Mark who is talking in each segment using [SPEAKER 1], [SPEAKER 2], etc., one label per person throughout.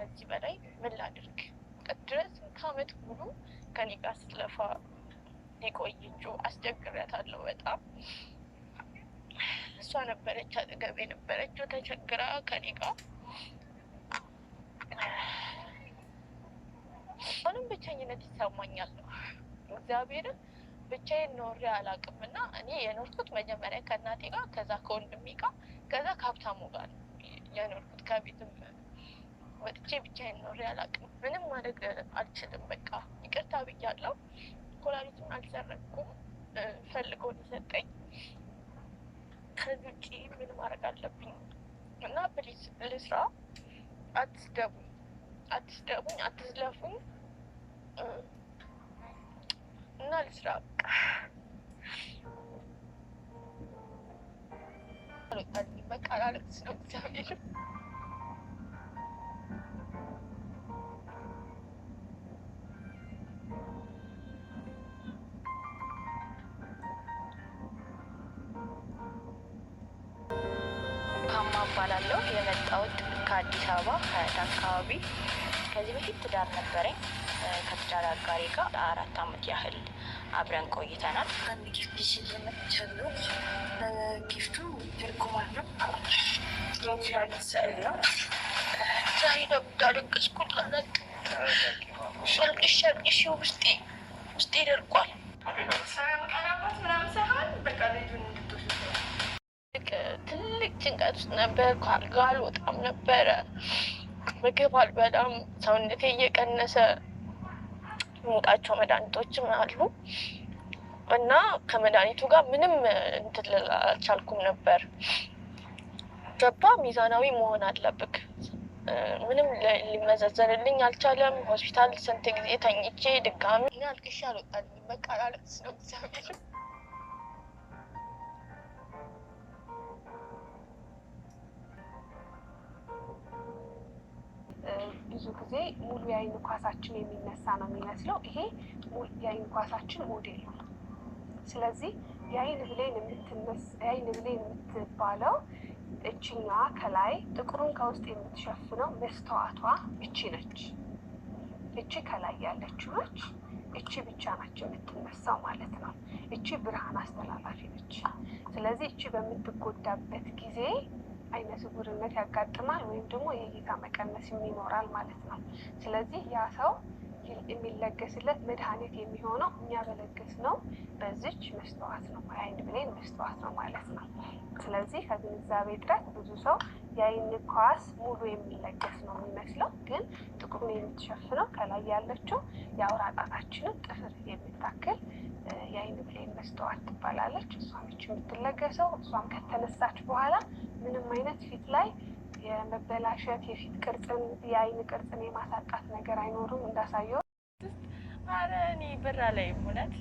[SPEAKER 1] ከዚህ በላይ ምን ላድርግ ድረስ ከአመት ሙሉ ከኔ ጋር ስትለፋ ሊቆይ እጩ አስቸግሪያታለሁ በጣም እሷ ነበረች አጠገብ የነበረችው ተቸግራ ከኔ ጋር አሁንም ብቸኝነት ይሰማኛል ነው እግዚአብሔርን ብቻዬን ኖሬ አላውቅም እና እኔ የኖርኩት መጀመሪያ ከእናቴ ጋር ከዛ ከወንድሜ ጋር ከዛ ከሀብታሙ ጋር የኖርኩት ከቤትም ወጥቼ ብቻዬን ኖሬ አላውቅም። ምንም ማድረግ አልችልም። በቃ ይቅርታ ብያለሁ። ኮላሊቱን አልሰረኩም፣ ፈልጎ ሊሰጠኝ ከዚህ ውጭ ምን ማድረግ አለብኝ እና ፕሊዝ ልስራ። አትስደቡኝ፣ አትስደቡኝ፣ አትዝለፉኝ እና ልስራ በቃ በቃ አላለቅስ ነው እግዚአብሔር
[SPEAKER 2] እባላለሁ። የመጣሁት ከአዲስ አበባ ከዳ አካባቢ። ከዚህ በፊት ትዳር ነበረኝ ከትዳር አጋሪ ጋር አራት አመት ያህል አብረን ቆይተናል።
[SPEAKER 1] አንድ ጊፍት ሲጀመቻሉ ጊፍቱ ትርጉማ ነው ስዕል ነው። ዛሬ ውስጤ ውስጤ ደርቋል።
[SPEAKER 3] ምናምን ሳይሆን በቃ ልጁን
[SPEAKER 1] ጭንቀት ውስጥ ነበር። ከአልጋ አልወጣም ነበረ። ምግብ አልበላም። ሰውነቴ እየቀነሰ የምወጣቸው መድኃኒቶችም አሉ እና ከመድኃኒቱ ጋር ምንም እንትን አልቻልኩም ነበር። ገባ ሚዛናዊ መሆን አለብክ። ምንም ሊመዘዘንልኝ አልቻለም። ሆስፒታል ስንት ጊዜ ተኝቼ ድጋሚ አልቅሼ አልወጣልኝ። በቃ አላለቅስ ነው እግዚአብሔር
[SPEAKER 4] ብዙ ጊዜ ሙሉ የአይን ኳሳችን የሚነሳ ነው የሚመስለው። ይሄ የአይን ኳሳችን ሞዴል ነው። ስለዚህ የአይን ብሌን የምትባለው እችኛዋ ከላይ ጥቁሩን ከውስጥ የምትሸፍነው መስተዋቷ እቺ ነች። እቺ ከላይ ያለችው ነች። እቺ ብቻ ናቸው የምትነሳው ማለት ነው። እቺ ብርሃን አስተላላፊ ነች። ስለዚህ እቺ በምትጎዳበት ጊዜ አይነ ስውርነት ያጋጥማል ወይም ደግሞ የእይታ መቀነስ ይኖራል ማለት ነው። ስለዚህ ያ ሰው የሚለገስለት መድኃኒት የሚሆነው እኛ በለገስ ነው በዚች መስተዋት ነው አይን ብሌን መስተዋት ነው ማለት ነው። ስለዚህ ከግንዛቤ እጥረት ብዙ ሰው የአይን ኳስ ሙሉ የሚለገስ ነው የሚመስለው፣ ግን ጥቁሩን የምትሸፍነው ከላይ ያለችው የአውራ ጣታችንን ጥፍር የምታክል የአይን ብሌን መስተዋት ትባላለች። እሷ እሷም የምትለገሰው እሷም ከተነሳች በኋላ ምንም አይነት ፊት ላይ የመበላሸት የፊት ቅርጽን የአይን ቅርጽን የማሳጣት ነገር አይኖርም። እንዳሳየው
[SPEAKER 2] አረ እኔ ብር አለኝ፣ እውነት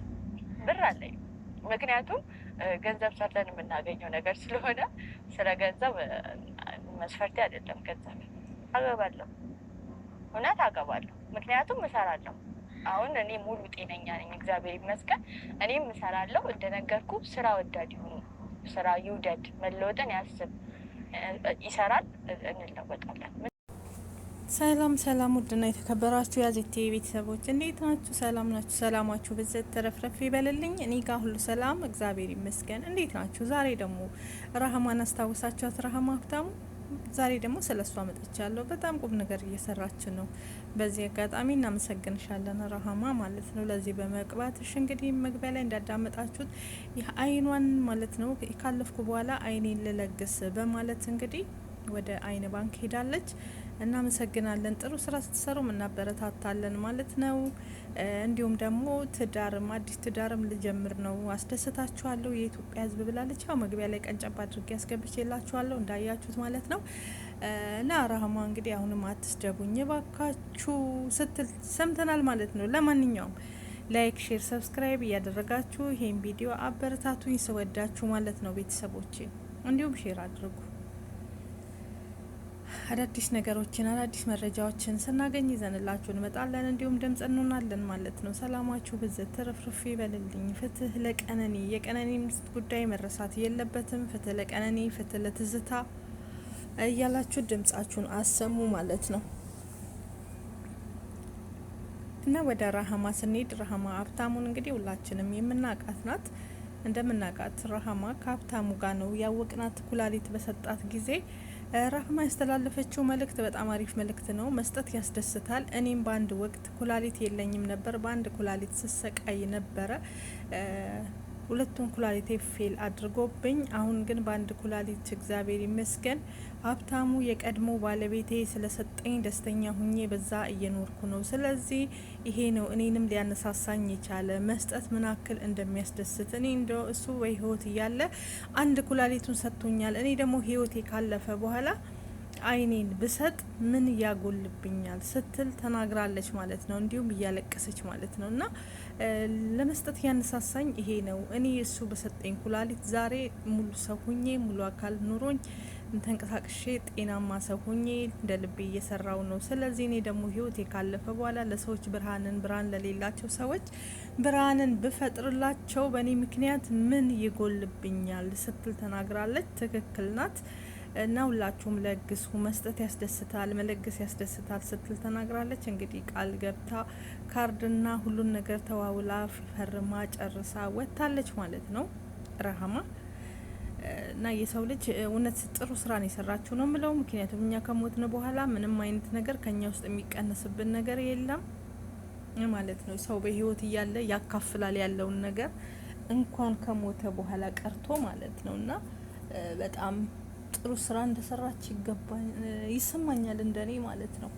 [SPEAKER 2] ብር አለኝ። ምክንያቱም ገንዘብ ሰርተን የምናገኘው ነገር ስለሆነ ስለ ገንዘብ መስፈርቴ አይደለም። ገንዘብ አገባለሁ፣ እውነት አገባለሁ። ምክንያቱም እሰራለሁ። አሁን እኔ ሙሉ ጤነኛ ነኝ፣ እግዚአብሔር ይመስገን። እኔም እሰራለሁ። እንደነገርኩ ስራ ወዳድ ይሁኑ፣ ስራ ይውደድ፣ መለወጥን ያስብ ይሰራል፣ እንለወጣለን።
[SPEAKER 5] ሰላም ሰላም፣ ውድና የተከበራችሁ ያዜቴ ቤተሰቦች እንዴት ናችሁ? ሰላም ናችሁ? ሰላማችሁ ብዘት ተረፍረፍ ይበልልኝ። እኔ ጋር ሁሉ ሰላም፣ እግዚአብሔር ይመስገን። እንዴት ናችሁ? ዛሬ ደግሞ ረሃማን አስታውሳችኋት። ረሃማ ሀብታሙ ዛሬ ደግሞ ስለ እሷ መጥቻለሁ። በጣም ቁም ነገር እየሰራች ነው። በዚህ አጋጣሚ እናመሰግንሻለን ረሃማ ማለት ነው ለዚህ በመቅባትሽ። እንግዲህ መግቢያ ላይ እንዳዳመጣችሁት አይኗን ማለት ነው ካለፍኩ በኋላ አይኔን ልለግስ በማለት እንግዲህ ወደ አይን ባንክ ሄዳለች። እናመሰግናለን። ጥሩ ስራ ስትሰሩም እናበረታታለን ማለት ነው። እንዲሁም ደግሞ ትዳርም አዲስ ትዳርም ልጀምር ነው አስደስታችኋለሁ የኢትዮጵያ ሕዝብ ብላለች። ያው መግቢያ ላይ ቀንጨባ አድርጌ ያስገብቼላችኋለሁ እንዳያችሁት ማለት ነው። እና ራህማ እንግዲህ አሁንም አትስደቡኝ ባካችሁ ስትል ሰምተናል ማለት ነው። ለማንኛውም ላይክ፣ ሼር፣ ሰብስክራይብ እያደረጋችሁ ይሄን ቪዲዮ አበረታቱኝ ስወዳችሁ ማለት ነው ቤተሰቦቼ። እንዲሁም ሼር አድርጉ። አዳዲስ ነገሮችን አዳዲስ መረጃዎችን ስናገኝ ይዘንላችሁ እንመጣለን። እንዲሁም ድምጽ እንሆናለን ማለት ነው። ሰላማችሁ ብዝት ትርፍርፍ ይበልልኝ። ፍትህ ለቀነኒ የቀነኒ ጉዳይ መረሳት የለበትም። ፍትህ ለቀነኒ፣ ፍትህ ለትዝታ እያላችሁ ድምጻችሁን አሰሙ ማለት ነው። እና ወደ ረሃማ ስንሄድ ረሃማ ሀብታሙን እንግዲህ ሁላችንም የምናውቃት ናት። እንደምናውቃት ረሃማ ከሀብታሙ ጋር ነው ያወቅናት ኩላሊት በሰጣት ጊዜ ራህማ ያስተላለፈችው መልእክት በጣም አሪፍ መልእክት ነው። መስጠት ያስደስታል። እኔም በአንድ ወቅት ኩላሊት የለኝም ነበር፣ በአንድ ኩላሊት ስሰቃይ ነበረ። ሁለቱን ኩላሊቴ ፌል አድርጎብኝ፣ አሁን ግን በአንድ ኩላሊት እግዚአብሔር ይመስገን ሀብታሙ የቀድሞ ባለቤቴ ስለሰጠኝ ደስተኛ ሁኜ በዛ እየኖርኩ ነው። ስለዚህ ይሄ ነው እኔንም ሊያነሳሳኝ የቻለ መስጠት ምናክል እንደሚያስደስት። እኔ እንደ እሱ ህይወት እያለ አንድ ኩላሊቱን ሰጥቶኛል። እኔ ደግሞ ህይወቴ ካለፈ በኋላ አይኔን ብሰጥ ምን ያጎልብኛል ስትል ተናግራለች ማለት ነው። እንዲሁም እያለቀሰች ማለት ነው እና ለመስጠት ያነሳሳኝ ይሄ ነው። እኔ እሱ በሰጠኝ ኩላሊት ዛሬ ሙሉ ሰው ሁኜ ሙሉ አካል ኑሮኝ ተንቀሳቅሼ ጤናማ ሰው ሁኜ እንደ ልቤ እየሰራው ነው። ስለዚህ እኔ ደግሞ ህይወቴ ካለፈ በኋላ ለሰዎች ብርሃንን ብርሃን ለሌላቸው ሰዎች ብርሃንን ብፈጥርላቸው በእኔ ምክንያት ምን ይጎልብኛል ስትል ተናግራለች። ትክክል ናት። እና ሁላችሁም ለግሱ መስጠት ያስደስታል፣ መለገስ ያስደስታል ስትል ተናግራለች። እንግዲህ ቃል ገብታ ካርድና ሁሉን ነገር ተዋውላ ፈርማ ጨርሳ ወጥታለች ማለት ነው ረሀማ እና የሰው ልጅ እውነት ጥሩ ስራን የሰራችሁ ነው ምለው። ምክንያቱም እኛ ከሞትን በኋላ ምንም አይነት ነገር ከኛ ውስጥ የሚቀነስብን ነገር የለም ማለት ነው። ሰው በህይወት እያለ ያካፍላል ያለውን ነገር እንኳን ከሞተ በኋላ ቀርቶ ማለት ነው እና በጣም ጥሩ ስራ እንደሰራች ይገባ ይሰማኛል፣ እንደኔ ማለት ነው።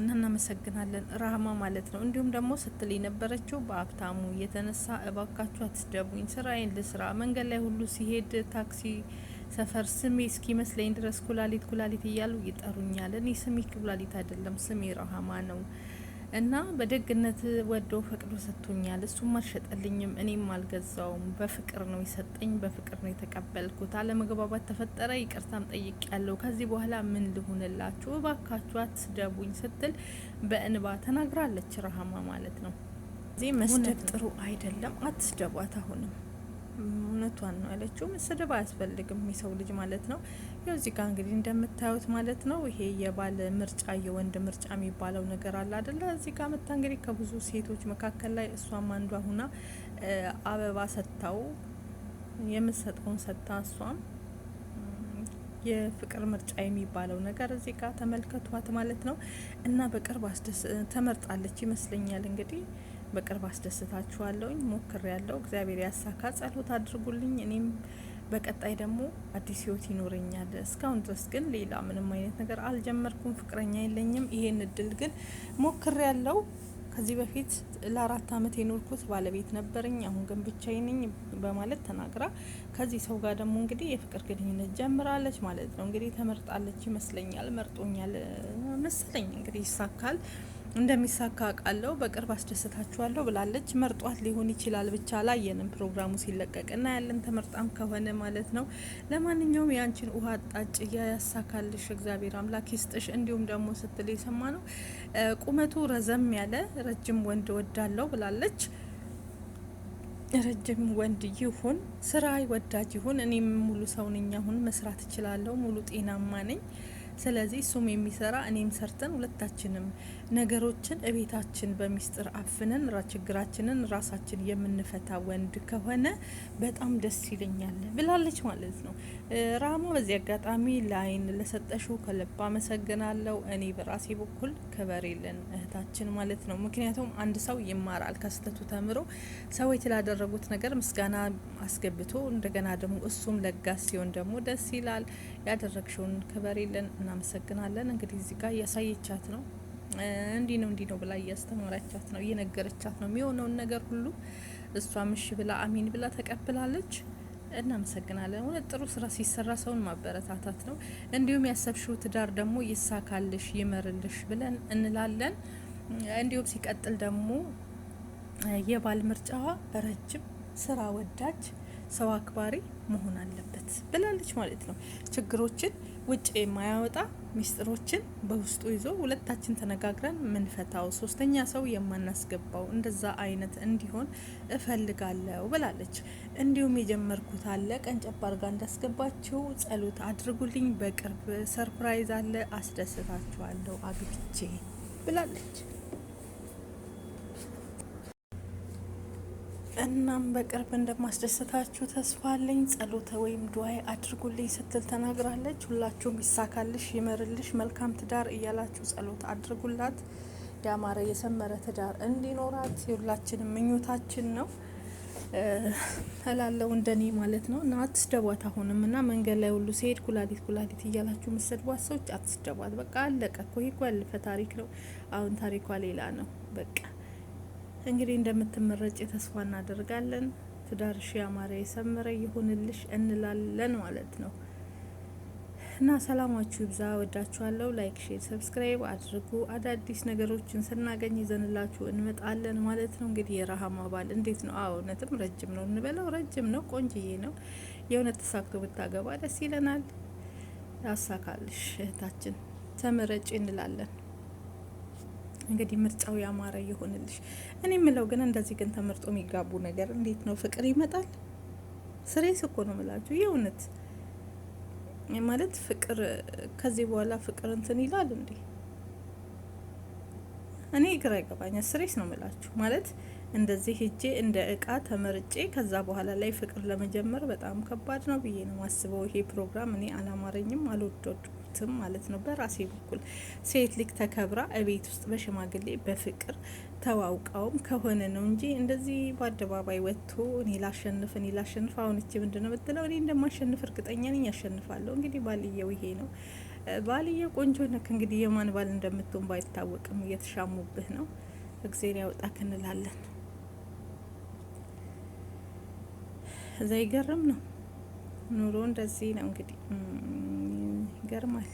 [SPEAKER 5] እና እናመሰግናለን ራህማ ማለት ነው። እንዲሁም ደግሞ ስትል የነበረችው በሀብታሙ የተነሳ እባካችሁ አትስደቡኝ፣ ስራዬን ልስራ። መንገድ ላይ ሁሉ ሲሄድ ታክሲ ሰፈር ስሜ መስለኝ ድረስ ኩላሊት ኩላሊት እያሉ ይጠሩኛል። እኔ ስሜ ኩላሊት አይደለም፣ ስሜ ራህማ ነው። እና በደግነት ወዶ ፈቅዶ ሰጥቶኛል። እሱም አልሸጠልኝም፣ እኔም አልገዛውም። በፍቅር ነው የሰጠኝ፣ በፍቅር ነው የተቀበልኩት። አለመግባባት ተፈጠረ፣ ይቅርታም ጠይቅ ያለው ከዚህ በኋላ ምን ልሁንላችሁ እባካችሁ አትስደቡኝ ስትል በእንባ ተናግራለች። ረሀማ ማለት ነው። እዚህ መስደብ ጥሩ አይደለም፣ አትስደቧት አሁንም እውነቷን ነው ያለችው። መሰደብ አያስፈልግም የሰው ልጅ ማለት ነው። ያው እዚህ ጋር እንግዲህ እንደምታዩት ማለት ነው ይሄ የባል ምርጫ የወንድ ምርጫ የሚባለው ነገር አለ አደለ? እዚህ ጋር መታ እንግዲህ ከብዙ ሴቶች መካከል ላይ እሷም አንዷ ሁና አበባ ሰጥታው የምትሰጠውን ሰጥታ እሷም የፍቅር ምርጫ የሚባለው ነገር እዚህ ጋር ተመልከቷት ማለት ነው። እና በቅርብ ተመርጣለች ይመስለኛል እንግዲህ በቅርብ አስደስታችኋለሁኝ። ሞክር ያለው እግዚአብሔር ያሳካ ጸሎት አድርጉልኝ። እኔም በቀጣይ ደግሞ አዲስ ህይወት ይኖረኛል። እስካሁን ድረስ ግን ሌላ ምንም አይነት ነገር አልጀመርኩም። ፍቅረኛ የለኝም። ይሄን እድል ግን ሞክር ያለው ከዚህ በፊት ለአራት አመት የኖርኩት ባለቤት ነበረኝ፣ አሁን ግን ብቻዬ ነኝ በማለት ተናግራ ከዚህ ሰው ጋር ደግሞ እንግዲህ የፍቅር ግንኙነት ጀምራለች ማለት ነው። እንግዲህ ተመርጣለች ይመስለኛል፣ መርጦኛል መሰለኝ። እንግዲህ ይሳካል። እንደሚሳካ አውቃለሁ። በቅርብ አስደስታችኋለሁ ብላለች። መርጧት ሊሆን ይችላል ብቻ አላየንም። ፕሮግራሙ ሲለቀቅ እና ያለን ተመርጣም ከሆነ ማለት ነው። ለማንኛውም የአንቺን ውሃ አጣጭ ያሳካልሽ እግዚአብሔር አምላክ ይስጥሽ። እንዲሁም ደግሞ ስትል የሰማ ነው ቁመቱ ረዘም ያለ ረጅም ወንድ ወዳለው ብላለች። ረጅም ወንድ ይሁን፣ ስራ ወዳጅ ይሁን። እኔም ሙሉ ሰው ነኝ። አሁን መስራት እችላለሁ። ሙሉ ጤናማ ነኝ። ስለዚህ እሱም የሚሰራ እኔም ሰርተን ሁለታችንም ነገሮችን እቤታችን በሚስጥር አፍነን ችግራችንን ራሳችን የምንፈታ ወንድ ከሆነ በጣም ደስ ይለኛል ብላለች ማለት ነው። ራማ በዚህ አጋጣሚ ለአይን ለሰጠሽው ከልብ አመሰግናለሁ። እኔ በራሴ በኩል ክበሬልን የለን እህታችን ማለት ነው። ምክንያቱም አንድ ሰው ይማራል ከስተቱ ተምሮ ሰዎች ላደረጉት ነገር ምስጋና አስገብቶ እንደገና ደግሞ እሱም ለጋስ ሲሆን ደግሞ ደስ ይላል። ያደረግሽውን ክብር የለን እናመሰግናለን። እንግዲህ እዚህ ጋር እያሳየቻት ነው እንዲህ ነው እንዲህ ነው ብላ እያስተማረቻት ነው እየነገረቻት ነው። የሚሆነውን ነገር ሁሉ እሷ ምሽ ብላ አሚን ብላ ተቀብላለች። እናመሰግናለን። እውነት ጥሩ ስራ ሲሰራ ሰውን ማበረታታት ነው። እንዲሁም ያሰብሽው ትዳር ደግሞ ይሳካልሽ፣ ይመርልሽ ብለን እንላለን። እንዲሁም ሲቀጥል ደግሞ የባል ምርጫዋ ረጅም ስራ ወዳጅ ሰው አክባሪ መሆን አለበት ብላለች ማለት ነው ችግሮችን ውጭ የማያወጣ ሚስጥሮችን በውስጡ ይዞ ሁለታችን ተነጋግረን ምንፈታው ሶስተኛ ሰው የማናስገባው እንደዛ አይነት እንዲሆን እፈልጋለሁ ብላለች። እንዲሁም የጀመርኩት አለ ቀንጨብ አርጋ እንዳስገባችው ጸሎት አድርጉልኝ፣ በቅርብ ሰርፕራይዝ አለ አስደስታችኋለሁ አግብቼ ብላለች። እናም በቅርብ እንደማስደሰታችሁ ተስፋ አለኝ። ጸሎተ ወይም ድዋይ አድርጉልኝ ስትል ተናግራለች። ሁላችሁም ይሳካልሽ፣ ይመርልሽ፣ መልካም ትዳር እያላችሁ ጸሎት አድርጉላት። ያማረ የሰመረ ትዳር እንዲኖራት የሁላችንም ምኞታችን ነው እላለው እንደኔ ማለት ነው። እና አትስደቧት አሁንም እና መንገድ ላይ ሁሉ ሲሄድ ኩላሊት ኩላሊት እያላችሁ ምሰድቧት ሰዎች አትስደቧት። በቃ አለቀ እኮ ይጓልፈ ታሪክ ነው። አሁን ታሪኳ ሌላ ነው በቃ እንግዲህ እንደምትመረጭ ተስፋ እናደርጋለን። ትዳርሽ ያማረ የሰመረ ይሁንልሽ እንላለን ማለት ነው እና ሰላማችሁ ይብዛ። ወዳችኋለሁ። ላይክ፣ ሼር፣ ሰብስክራይብ አድርጉ። አዳዲስ ነገሮችን ስናገኝ ይዘንላችሁ እንመጣለን ማለት ነው። እንግዲህ የረሃማ ባል እንዴት ነው? አዎ እውነትም ረጅም ነው እንበለው፣ ረጅም ነው፣ ቆንጅዬ ነው። የእውነት ተሳክቶ ብታገባ ደስ ይለናል። ያሳካልሽ እህታችን፣ ተመረጭ እንላለን። እንግዲህ ምርጫው ያማረ ይሆንልሽ። እኔ የምለው ግን እንደዚህ ግን ተመርጦ የሚጋቡ ነገር እንዴት ነው ፍቅር ይመጣል? ስሬስ እኮ ነው ምላችሁ የእውነት ማለት ፍቅር ከዚህ በኋላ ፍቅር እንትን ይላል እንዴ? እኔ ግራ ይገባኛል። ስሬስ ነው ምላችሁ ማለት እንደዚህ ሄጄ እንደ እቃ ተመርጬ ከዛ በኋላ ላይ ፍቅር ለመጀመር በጣም ከባድ ነው ብዬ ነው ማስበው። ይሄ ፕሮግራም እኔ አላማረኝም፣ አልወደድኩም። አልወቅትም ማለት ነው። በራሴ በኩል ሴት ልጅ ተከብራ እቤት ውስጥ በሽማግሌ በፍቅር ተዋውቃውም ከሆነ ነው እንጂ እንደዚህ በአደባባይ ወጥቶ እኔ ላሸንፍ እኔ ላሸንፍ አሁን እቺ ምንድን ነው የምትለው? እኔ እንደማሸንፍ እርግጠኛ ነኝ፣ ያሸንፋለሁ። እንግዲህ ባልየው ይሄ ነው ባልየው። ቆንጆ ነክ እንግዲህ የማን ባል እንደምትሆን ባይታወቅም እየተሻሙብህ ነው። እግዜር ያውጣክ እንላለን። ዘይገርም ነው ኑሮ እንደዚህ ነው እንግዲህ ይገርማል።